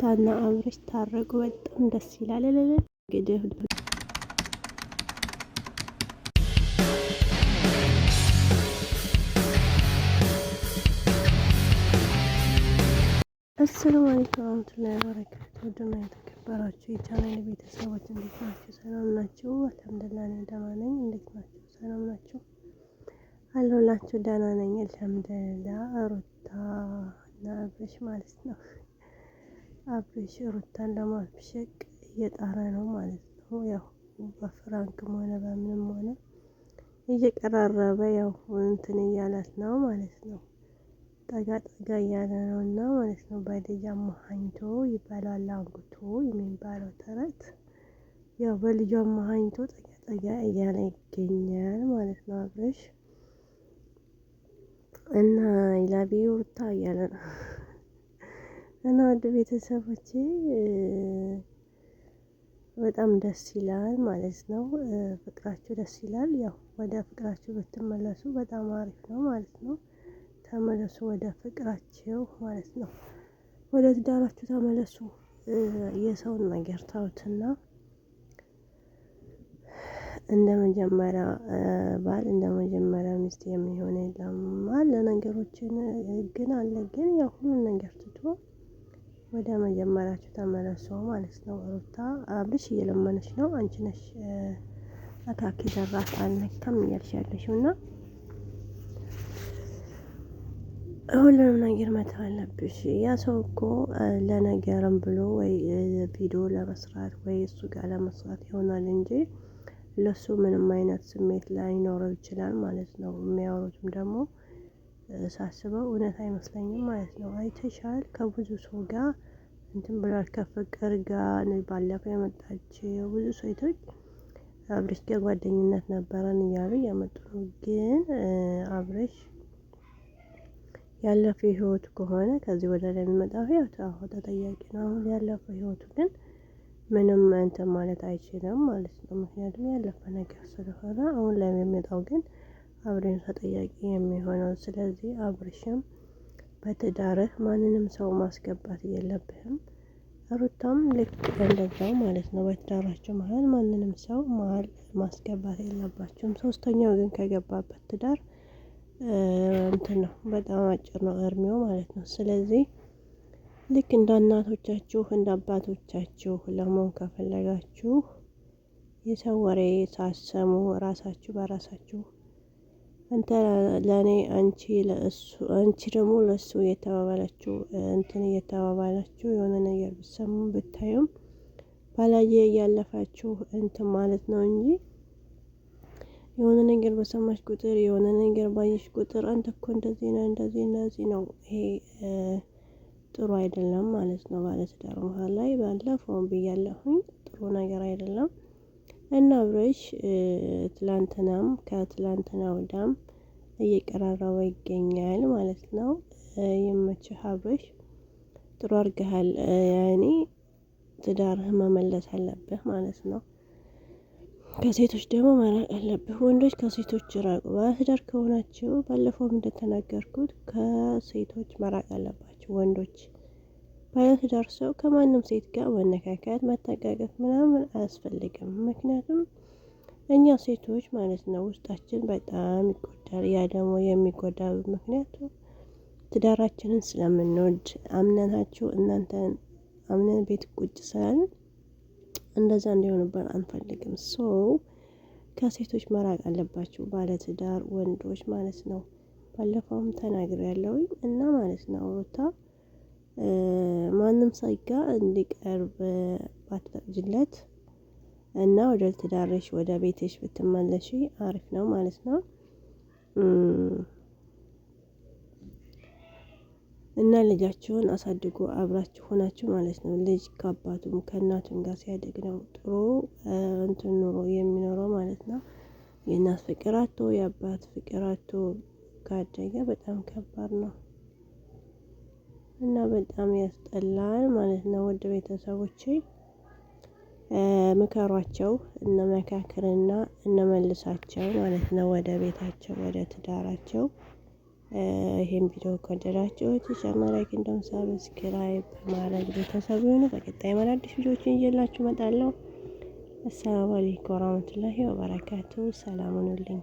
ሩታና አብርሽ ታረቁ። በጣም ደስ ይላል። ለለ እንግዲህ አሰላሙ አለይኩም ወራህመቱላሂ ወበረካቱ። ደህና የተከበራችሁ የቻናል ቤተሰቦች እንዴት ናችሁ? ሰላም ናችሁ? አልሐምዱሊላህ እኔ ደህና ነኝ። እንዴት ናችሁ? ሰላም ናችሁ? አለሁላችሁ። ደህና ነኝ አልሐምዱሊላህ። ሩታ እና አብርሽ ማለት ነው አብርሽ ሩታን ለማብሸቅ እየጣረ ነው ማለት ነው። ያው በፍራንክም ሆነ በምንም ሆነ እየቀራረበ ያው እንትን እያላት ነው ማለት ነው። ጠጋ ጠጋ እያለ ነው እና ማለት ነው። በልጅ አማሃኝቶ ይባላል አንጉቶ የሚባለው ተረት ያው በልጅ አማሃኝቶ ጠጋ ጠጋ እያለ ይገኛል ማለት ነው አብርሽ እና ይላቢ ሩታ እያለ ነው እና ወደ ቤተሰቦቼ በጣም ደስ ይላል ማለት ነው። ፍቅራችሁ ደስ ይላል። ያው ወደ ፍቅራችሁ ብትመለሱ በጣም አሪፍ ነው ማለት ነው። ተመለሱ ወደ ፍቅራችሁ ማለት ነው። ወደ ትዳራችሁ ተመለሱ። የሰውን ነገር ታውትና እንደ መጀመሪያ ባል እንደ መጀመሪያ ሚስት የሚሆን የለም ለነገሮችን ግን አለ ግን ያው ሁሉን ነገር ትቶ ወደ መጀመሪያችሁ ተመለሱ ማለት ነው። ሩታ አብርሽ እየለመነች ነው። አንቺ ነሽ አታኪ ደራስ አልነካም እያልሽ ያለሽው እና ሁሉንም ነገር መተው አለብሽ። ያ ሰው እኮ ለነገርም ብሎ ወይ ቪዲዮ ለመስራት ወይ እሱ ጋር ለመስራት ይሆናል እንጂ ለሱ ምንም አይነት ስሜት ላይኖረው ይችላል ማለት ነው። የሚያወሩትም ደግሞ ሳስበው እውነት አይመስለኝም ማለት ነው። አይተሻል ከብዙ ሰው ጋር እንትን ብሏል ከፍቅር ጋር ባለፈው የመጣች ብዙ ሴቶች አብረሽ ጋር ጓደኝነት ነበረን እያሉ እያመጡ ነው። ግን አብረሽ ያለፈው ህይወቱ ከሆነ ከዚህ ወደ ላይ የሚመጣ ህይወት አሁ ተጠያቂ ነው። አሁን ያለፈው ህይወቱ ግን ምንም እንትን ማለት አይችልም ማለት ነው። ምክንያቱም ያለፈ ነገር ስለሆነ አሁን ላይ የሚመጣው ግን አብሬን ተጠያቂ የሚሆነው። ስለዚህ አብርሽም በትዳርህ ማንንም ሰው ማስገባት የለብህም። ሩታም ልክ እንደዛው ማለት ነው። በትዳራቸው መሀል ማንንም ሰው መሀል ማስገባት የለባቸውም። ሶስተኛው ግን ከገባበት ትዳር እንትን ነው፣ በጣም አጭር ነው እድሜው ማለት ነው። ስለዚህ ልክ እንደ እናቶቻችሁ እንደ አባቶቻችሁ ለመሆን ከፈለጋችሁ የሰው ወሬ ሳሰሙ ራሳችሁ በራሳችሁ አንተ ለእኔ አንቺ ለእሱ አንቺ ደግሞ ለእሱ እየተባባላችሁ እንትን እየተባባላችሁ የሆነ ነገር ብሰሙ ብታዩም ባላየ እያለፋችሁ እንትን ማለት ነው እንጂ የሆነ ነገር በሰማች ቁጥር የሆነ ነገር ባየሽ ቁጥር አንተ እኮ እንደዚህ ነው እንደዚህ እንደዚህ ነው ይሄ ጥሩ አይደለም ማለት ነው። ባለትዳር መሀል ላይ ባለፈውን ብያለሁኝ ጥሩ ነገር አይደለም። እና አብርሽ ትላንትናም ከትላንትና ወዳም እየቀራረበ ይገኛል ማለት ነው። የመችህ አብርሽ ጥሩ አርገሃል። ያኔ ትዳርህ መመለስ አለብህ ማለት ነው። ከሴቶች ደግሞ መራቅ አለብህ። ወንዶች ከሴቶች ራቁ። ባለትዳር ከሆናችሁ ባለፈውም እንደተናገርኩት ከሴቶች መራቅ አለባችሁ ወንዶች ባዮት ደርሶ ከማንም ሴት ጋር መነካከት መጠቃቀፍ ምናምን አያስፈልግም። ምክንያቱም እኛ ሴቶች ማለት ነው ውስጣችን በጣም ይጎዳል። ያ ደግሞ የሚጎዳ ምክንያቱ ትዳራችንን ስለምንወድ አምነናችሁ እናንተን አምነን ቤት ቁጭ ስላለን እንደዛ እንዲሆንብን አንፈልግም። ሶ ከሴቶች መራቅ አለባችሁ ባለትዳር ወንዶች ማለት ነው። ባለፈውም ተናግሬ ያለውኝ እና ማለት ነው ሩታ ማንም ሳይጋ እንዲቀርብ ባትፈቅጂለት እና ወደ ትዳርሽ ወደ ቤትሽ ብትመለሽ አሪፍ ነው ማለት ነው። እና ልጃችሁን አሳድጎ አብራችሁ ሆናችሁ ማለት ነው። ልጅ ከአባቱም ከእናቱም ጋር ሲያደግ ነው ጥሩ እንትን ኑሮ የሚኖረው ማለት ነው። የእናት ፍቅር አቶ የአባት ፍቅር አቶ ካደገ በጣም ከባድ ነው። እና በጣም ያስጠላል ማለት ነው። ውድ ቤተሰቦቼ ምከሯቸው እንመካከርና እነመልሳቸው ማለት ነው ወደ ቤታቸው ወደ ትዳራቸው። ይህን ቪዲዮ ከወደዳችሁት ሸማሪ ኪንዶም ሰብስክራይብ በማድረግ ቤተሰብ ይሁኑ። በቀጣይ መላአዲስ ቪዲዮዎችን ይዤላችሁ እመጣለሁ። አሰላሙ አለይኩም ወራህመቱላሂ ወበረካቱ። ሰላሙን ሁኑልኝ።